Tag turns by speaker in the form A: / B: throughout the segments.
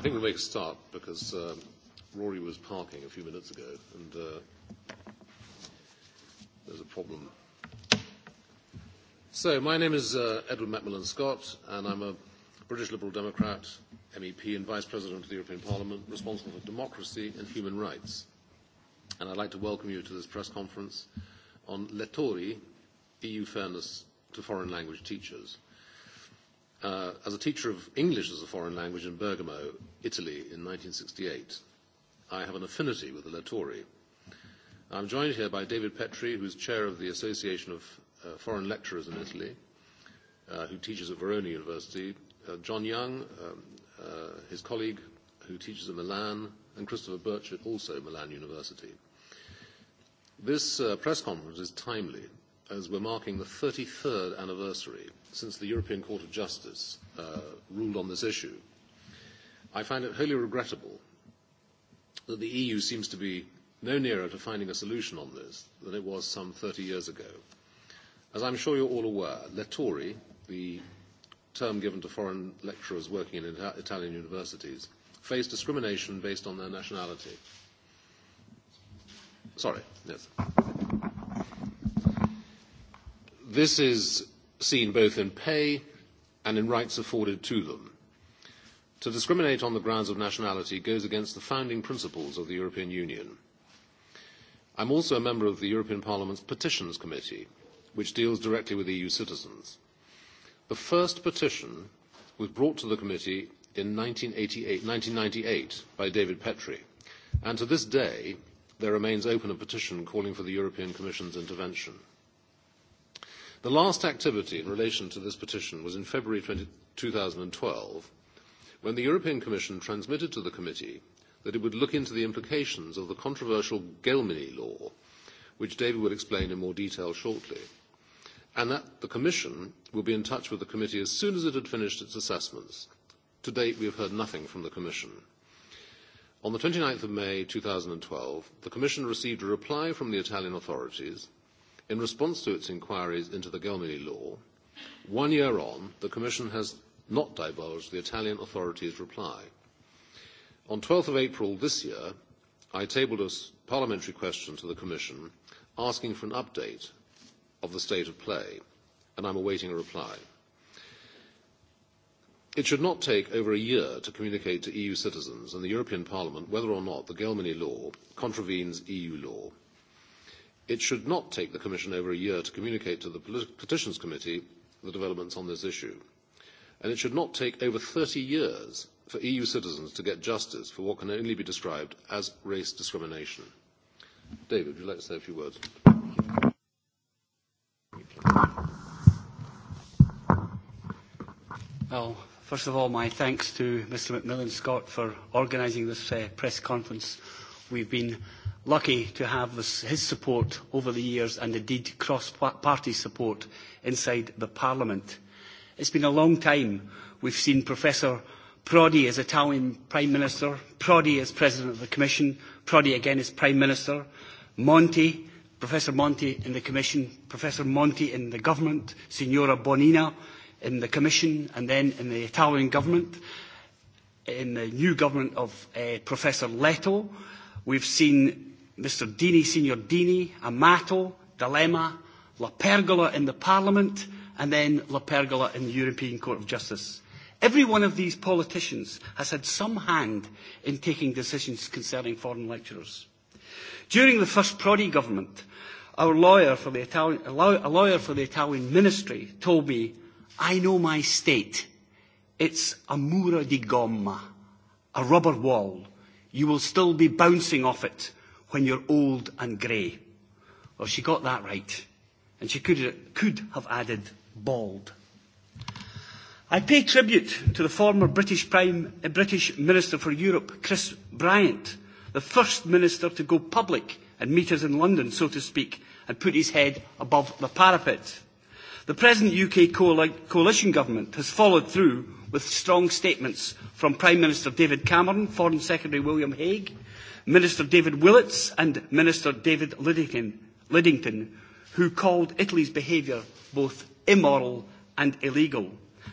A: I think we'll make a start because um Rory was parking a few minutes ago and uh, there's a problem. So my name is uh, Edward Macmillan Scott and I'm a British Liberal Democrat, MEP and Vice President of the European Parliament responsible for democracy and human rights. And I'd like to welcome you to this press conference on Lettori, EU fairness to foreign language teachers – uh, as a teacher of English as a foreign language in Bergamo, Italy, in 1968. I have an affinity with the Latori. I'm joined here by David Petri, who's chair of the Association of uh, Foreign Lecturers in Italy, uh, who teaches at Verona University, uh, John Young, um, uh, his colleague, who teaches at Milan, and Christopher Birchett also Milan University. This uh, press conference is timely as we're marking the 33rd anniversary since the European Court of Justice uh, ruled on this issue, I find it wholly regrettable that the EU seems to be no nearer to finding a solution on this than it was some 30 years ago. As I'm sure you're all aware, Lettori, the term given to foreign lecturers working in Italian universities, face discrimination based on their nationality. Sorry, yes. This is seen both in pay and in rights afforded to them. To discriminate on the grounds of nationality goes against the founding principles of the European Union. I am also a member of the European Parliament's Petitions Committee, which deals directly with EU citizens. The first petition was brought to the committee in ninety eight by David Petrie, and to this day there remains open a petition calling for the European Commission's intervention. The last activity in relation to this petition was in February 20, 2012, when the European Commission transmitted to the committee that it would look into the implications of the controversial Gelmini law, which David will explain in more detail shortly, and that the Commission will be in touch with the committee as soon as it had finished its assessments. To date, we have heard nothing from the Commission. On the 29th of May 2012, the Commission received a reply from the Italian authorities – In response to its inquiries into the Gelmini law, one year on, the Commission has not divulged the Italian authorities' reply. On 12th of April this year, I tabled a parliamentary question to the Commission asking for an update of the state of play, and I am awaiting a reply. It should not take over a year to communicate to EU citizens and the European Parliament whether or not the Gelmini law contravenes EU law It should not take the Commission over a year to communicate to the Petitions Committee the developments on this issue. And it should not take over thirty years for EU citizens to get justice for what can only be described as race discrimination. David, would you like to say a few words?
B: Well, first of all, my thanks to Mr McMillan Scott for organising this press conference. We've been lucky to have this, his support over the years and indeed cross-party support inside the Parliament. It's been a long time we've seen Professor Prodi as Italian Prime Minister, Prodi as President of the Commission, Prodi again as Prime Minister, Monti, Professor Monti in the Commission, Professor Monti in the Government, Signora Bonina in the Commission and then in the Italian Government, in the new government of Professor Leto. We've seen Mr Dini, Senior Dini, Amato, Dilemma, La Pergola in the Parliament, and then La Pergola in the European Court of Justice. Every one of these politicians has had some hand in taking decisions concerning foreign lecturers. During the first Prodi government, our lawyer for the Italian, a lawyer for the Italian ministry told me, I know my state. It's a mura di gomma, a rubber wall. You will still be bouncing off it when you're old and grey. Well, she got that right, and she could, could have added bald. I pay tribute to the former British, Prime, British Minister for Europe, Chris Bryant, the first minister to go public and meet us in London, so to speak, and put his head above the parapet. The present UK coalition government has followed through with strong statements from Prime Minister David Cameron, Foreign Secretary William Hague, Minister David Willits and Minister David Lidington, who called Italy's behaviour both immoral and illegal.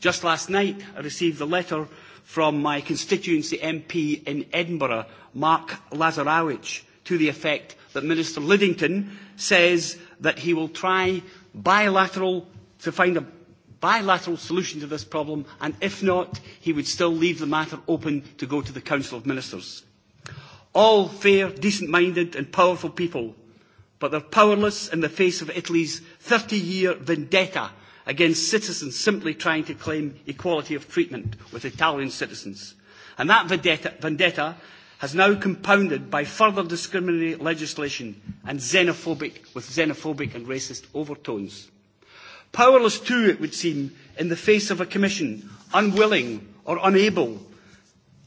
B: Just last night, I received a letter from my constituency MP in Edinburgh, Mark Lazarowicz, to the effect that Minister Lidington says that he will try bilateral to find a bilateral solution to this problem, and if not, he would still leave the matter open to go to the Council of Ministers all fair, decent-minded and powerful people, but they're powerless in the face of Italy's 30-year vendetta against citizens simply trying to claim equality of treatment with Italian citizens. And that vendetta, vendetta has now compounded by further discriminatory legislation and xenophobic, with xenophobic and racist overtones. Powerless too, it would seem, in the face of a commission unwilling or unable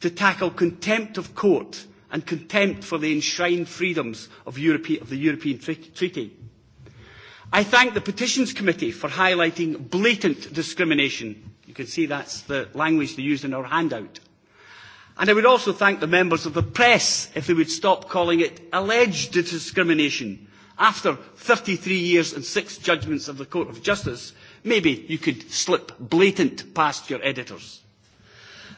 B: to tackle contempt of court and contempt for the enshrined freedoms of, Europe, of the European Treaty. I thank the Petitions Committee for highlighting blatant discrimination. You can see that's the language they use in our handout. And I would also thank the members of the press if they would stop calling it alleged discrimination. After 33 years and six judgments of the Court of Justice, maybe you could slip blatant past your editors.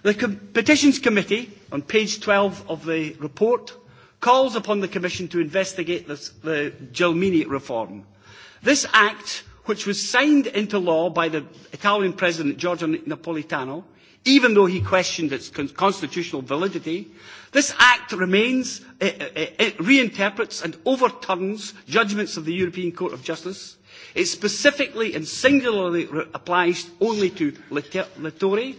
B: The Petitions Committee, on page 12 of the report, calls upon the Commission to investigate this, the Gelmini reform. This act, which was signed into law by the Italian President Giorgio Napolitano, even though he questioned its constitutional validity, this act remains, it, reinterprets and overturns judgments of the European Court of Justice. It specifically and singularly applies only to Littori,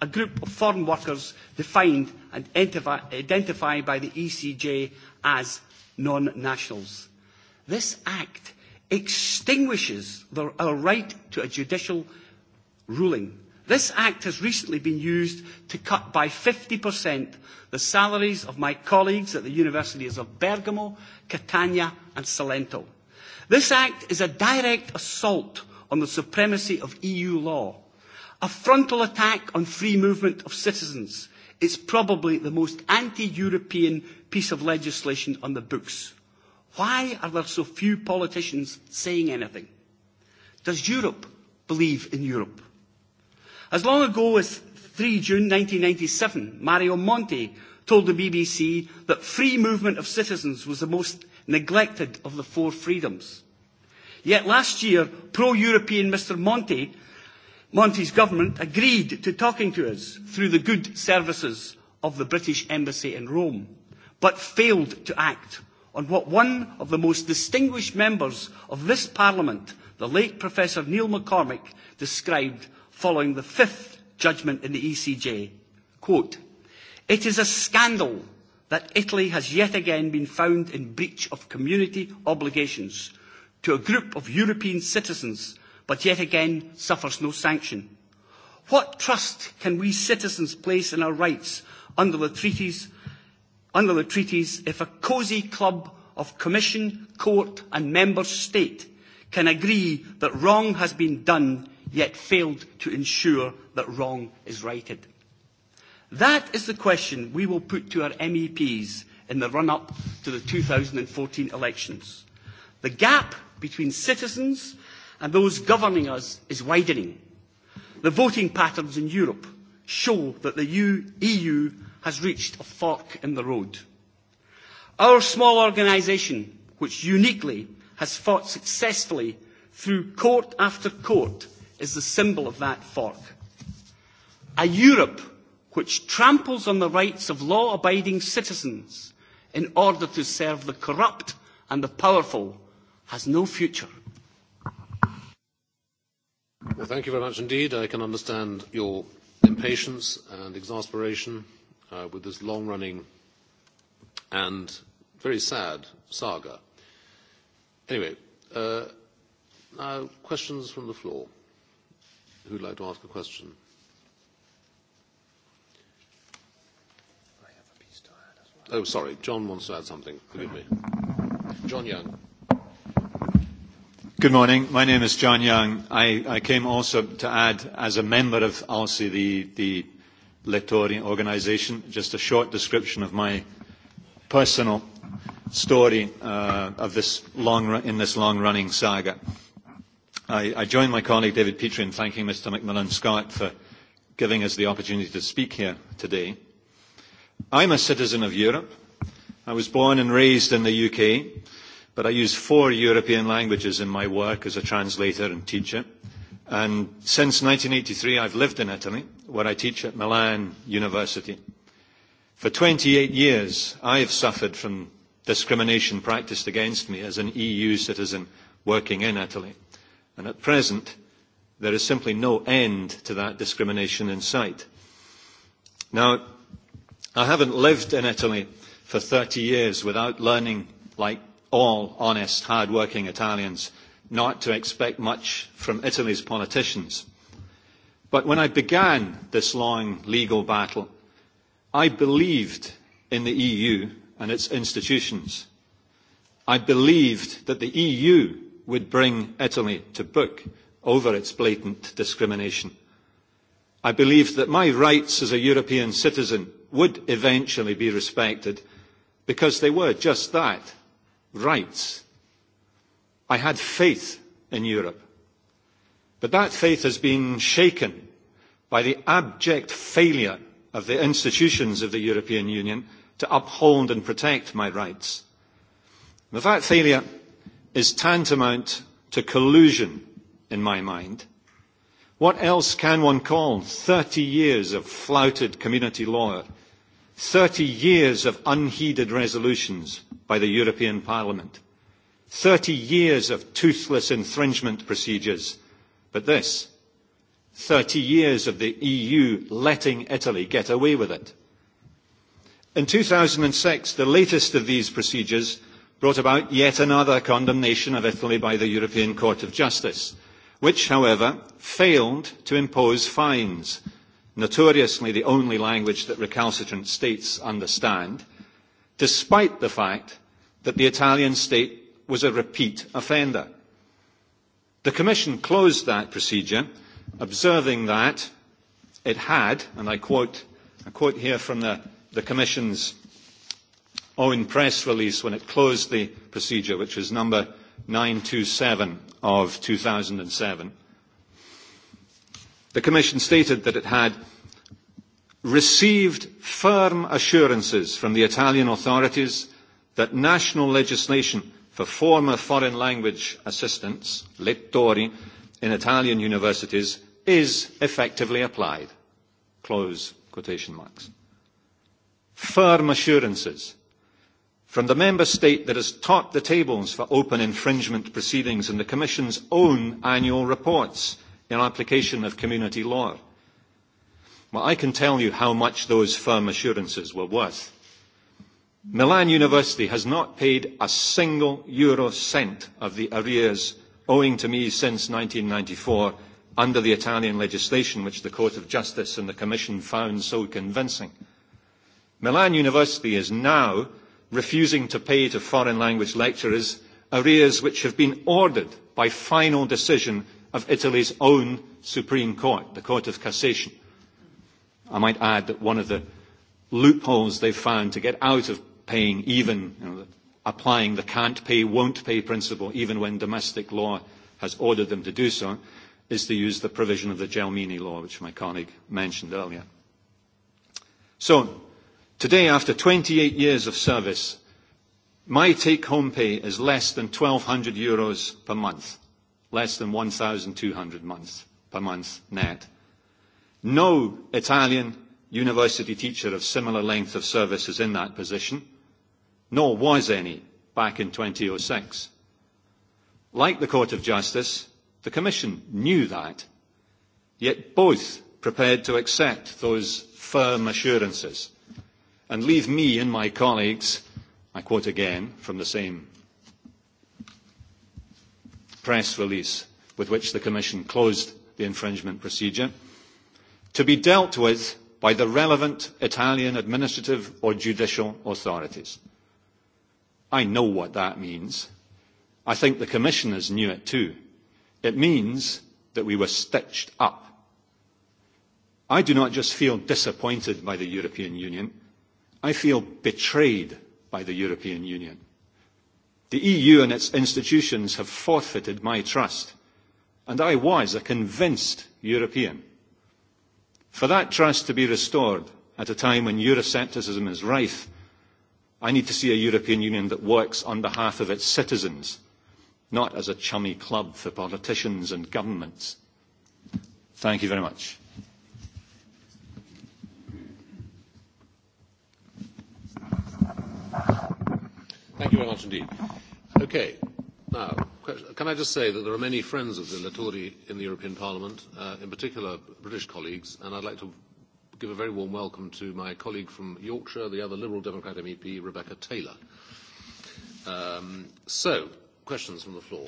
B: a group of foreign workers defined and identified by the ECJ as non-nationals. This act extinguishes the, our right to a judicial ruling. This act has recently been used to cut by 50% the salaries of my colleagues at the universities of Bergamo, Catania and Salento. This act is a direct assault on the supremacy of EU law A frontal attack on free movement of citizens is probably the most anti-European piece of legislation on the books. Why are there so few politicians saying anything? Does Europe believe in Europe? As long ago as 3 June 1997, Mario Monti told the BBC that free movement of citizens was the most neglected of the four freedoms. Yet last year, pro-European Mr Monti Monty's government agreed to talking to us through the good services of the British Embassy in Rome, but failed to act on what one of the most distinguished members of this Parliament, the late Professor Neil McCormick, described following the fifth judgment in the ECJ. Quote, It is a scandal that Italy has yet again been found in breach of community obligations to a group of European citizens but yet again suffers no sanction. What trust can we citizens place in our rights under the treaties, under the treaties if a cosy club of Commission, Court and Member State can agree that wrong has been done yet failed to ensure that wrong is righted? That is the question we will put to our MEPs in the run-up to the 2014 elections. The gap between citizens and those governing us is widening. The voting patterns in Europe show that the EU has reached a fork in the road. Our small organisation, which uniquely has fought successfully through court after court, is the symbol of that fork. A Europe which tramples on the rights of law abiding citizens in order to serve the corrupt and the powerful has no future.
A: Well, thank you very much indeed. I can understand your impatience and exasperation uh, with this long-running and very sad saga. Anyway, uh, now questions from the floor. Who'd like to ask a question? Oh, sorry. John wants to add something. Forgive me. John Young.
C: Good morning. My name is John Young. I, I came also to add, as a member of ALSI, the, the Lectorian organisation, just a short description of my personal story uh, of this long in this long-running saga. I, I join my colleague David Petrie in thanking Mr Macmillan Scott for giving us the opportunity to speak here today. I'm a citizen of Europe. I was born and raised in the UK But I use four European languages in my work as a translator and teacher. And since 1983, I've lived in Italy, where I teach at Milan University. For 28 years, I have suffered from discrimination practised against me as an EU citizen working in Italy. And at present, there is simply no end to that discrimination in sight. Now, I haven't lived in Italy for 30 years without learning, like all honest, hard-working Italians not to expect much from Italy's politicians. But when I began this long legal battle, I believed in the EU and its institutions. I believed that the EU would bring Italy to book over its blatant discrimination. I believed that my rights as a European citizen would eventually be respected because they were just that, rights. I had faith in Europe. But that faith has been shaken by the abject failure of the institutions of the European Union to uphold and protect my rights. But that failure is tantamount to collusion in my mind. What else can one call thirty years of flouted community law, thirty years of unheeded resolutions by the European Parliament. Thirty years of toothless infringement procedures. But this, thirty years of the EU letting Italy get away with it. In two thousand six, the latest of these procedures brought about yet another condemnation of Italy by the European Court of Justice, which, however, failed to impose fines, notoriously the only language that recalcitrant states understand – despite the fact that the Italian state was a repeat offender. The Commission closed that procedure, observing that it had, and I quote, I quote here from the, the Commission's own press release when it closed the procedure, which was number 927 of 2007. The Commission stated that it had received firm assurances from the Italian authorities that national legislation for former foreign language assistants, lettori, in Italian universities is effectively applied. Close quotation marks. Firm assurances from the member state that has topped the tables for open infringement proceedings in the Commission's own annual reports in application of community law. Well, I can tell you how much those firm assurances were worth. Milan University has not paid a single euro cent of the arrears owing to me since ninety four under the Italian legislation which the Court of Justice and the Commission found so convincing. Milan University is now refusing to pay to foreign language lecturers arrears which have been ordered by final decision of Italy's own Supreme Court, the Court of Cassation. I might add that one of the loopholes they've found to get out of paying even, you know, applying the can't pay, won't pay principle, even when domestic law has ordered them to do so, is to use the provision of the Gelmini law, which my colleague mentioned earlier. So, today, after 28 years of service, my take-home pay is less than 1,200 euros per month, less than 1,200 per month net No Italian university teacher of similar length of service is in that position, nor was any back in 2006. Like the Court of Justice, the Commission knew that, yet both prepared to accept those firm assurances and leave me and my colleagues, I quote again from the same press release with which the Commission closed the infringement procedure, to be dealt with by the relevant Italian administrative or judicial authorities. I know what that means. I think the commissioners knew it too. It means that we were stitched up. I do not just feel disappointed by the European Union, I feel betrayed by the European Union. The EU and its institutions have forfeited my trust, and I was a convinced European. For that trust to be restored at a time when Euroscepticism is rife, I need to see a European Union that works on behalf of its citizens, not as a chummy club for politicians and governments. Thank you very much.
A: Thank you very much indeed. Okay. Now, can I just say that there are many friends of the Latori in the European Parliament, uh, in particular British colleagues, and I'd like to give a very warm welcome to my colleague from Yorkshire, the other Liberal Democrat MEP, Rebecca Taylor. Um, so, questions from the floor.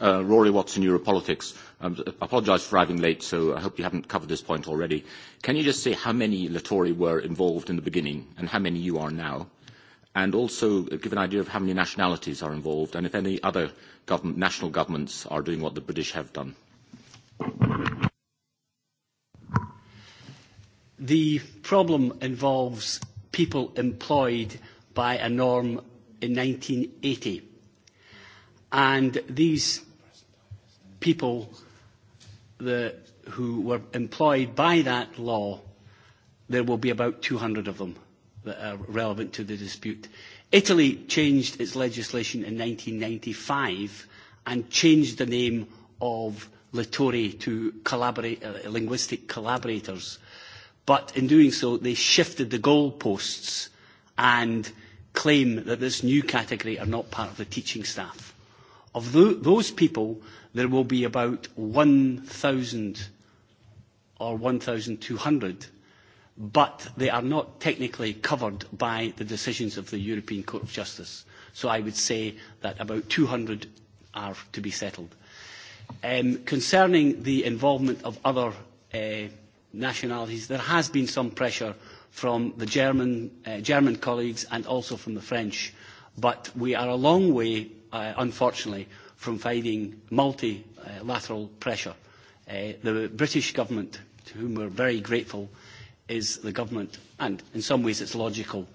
C: Rory Watson, Europolitics. I apologise for arriving late, so I hope you haven't covered this point already. Can you just say how many Latori were involved in the beginning and how many you are now? And also give an idea of how many nationalities are involved and if any other government, national governments are doing what the British
B: have done. The problem involves people employed by a norm in 1980 And these people the, who were employed by that law, there will be about 200 of them that are relevant to the dispute. Italy changed its legislation in 1995 and changed the name of Littori to collaborate, uh, linguistic collaborators. But in doing so, they shifted the goalposts and claim that this new category are not part of the teaching staff. Of those people, there will be about 1,000 or 1,200, but they are not technically covered by the decisions of the European Court of Justice. So I would say that about 200 are to be settled. Um, concerning the involvement of other uh, nationalities, there has been some pressure from the German, uh, German colleagues and also from the French, but we are a long way unfortunately, from fighting multilateral pressure. Uh, the British government, to whom we're very grateful, is the government, and in some ways it's logical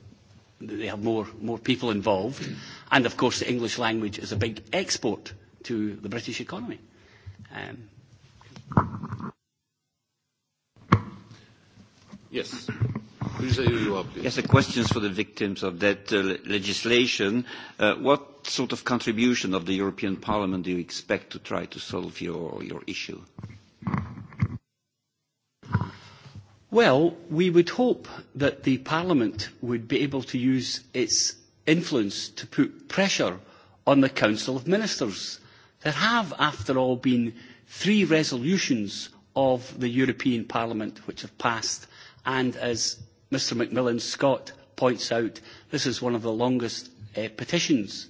B: that they have more, more people involved. And of course, the English language is a big export to the British economy. Um, Yes. Yes, the for the victims of that uh, legislation. Uh, what what sort of contribution of the European Parliament do you expect to try to solve your, your issue? Well, we would hope that the Parliament would be able to use its influence to put pressure on the Council of Ministers. There have, after all, been three resolutions of the European Parliament which have passed, and as Mr Macmillan Scott points out, this is one of the longest petitions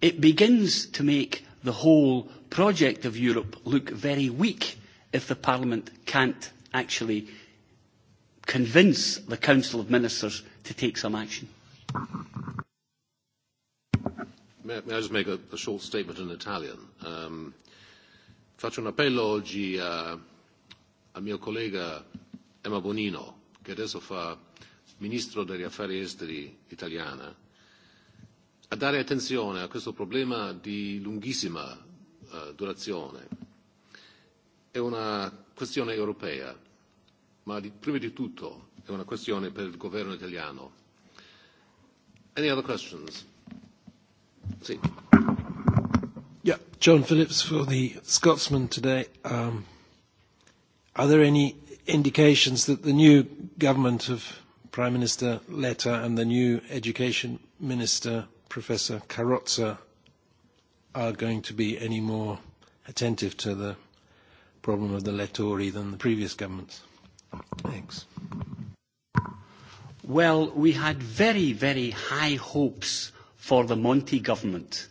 B: It begins to make the whole project of Europe look very weak if the Parliament can't actually convince the Council of Ministers to take some action.
A: May, I just make a, a short statement in Italian? Um, faccio un appello oggi a, al mio collega Emma Bonino, che adesso fa ministro degli affari esteri italiana, a dare attenzione a questo problema di lunghissima durazione. È una questione europea, ma di, prima di tutto è una questione per il governo italiano. Any other questions? Sì. Yeah, John Phillips for the Scotsman today. Um, are there any indications that the new government of Prime Minister Letta and the new Education Minister Professor Carrozza are going to be any more attentive to the problem of the Lettori than the previous governments? Thanks.
B: Well, we had very, very high hopes for the Monty government,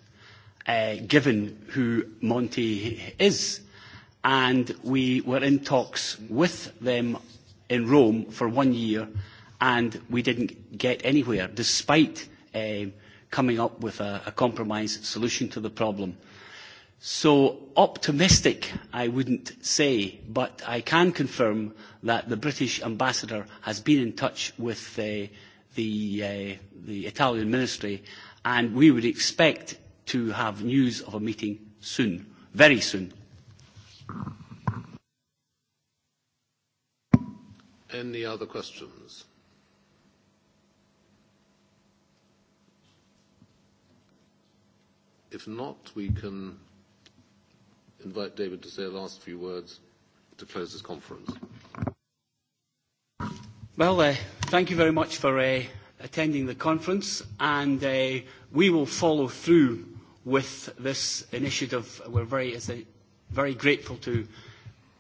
B: uh, given who Monty is. And we were in talks with them in Rome for one year, and we didn't get anywhere, despite um, coming up with a, a compromise solution to the problem. So optimistic, I wouldn't say, but I can confirm that the British ambassador has been in touch with the, the, uh, the Italian ministry, and we would expect to have news of a meeting soon, very soon.
A: Any other questions? If not, we can invite David to say a last few words to close this conference.
B: Well, uh, thank you very much for uh, attending the conference, and uh, we will follow through with this initiative. We're very, as a, very grateful to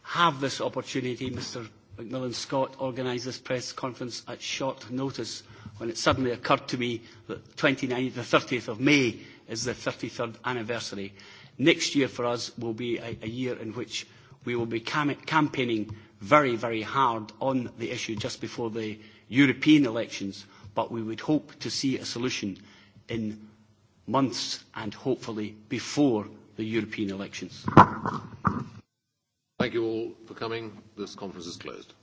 B: have this opportunity. Mr. McMillan Scott organised this press conference at short notice when it suddenly occurred to me that 29, the 30th of May is the 33rd anniversary. Next year for us will be a, a year in which we will be cam- campaigning very, very hard on the issue just before the European elections, but we would hope to see a solution in months and hopefully before the European elections.
A: Thank you all for coming. This conference is closed.